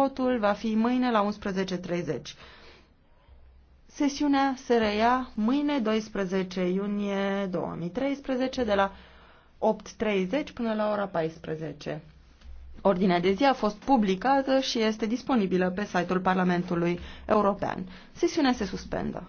Votul va fi mâine la 11.30. Sesiunea se reia mâine 12 iunie 2013 de la 8.30 până la ora 14. Ordinea de zi a fost publicată și este disponibilă pe site-ul Parlamentului European. Sesiunea se suspendă.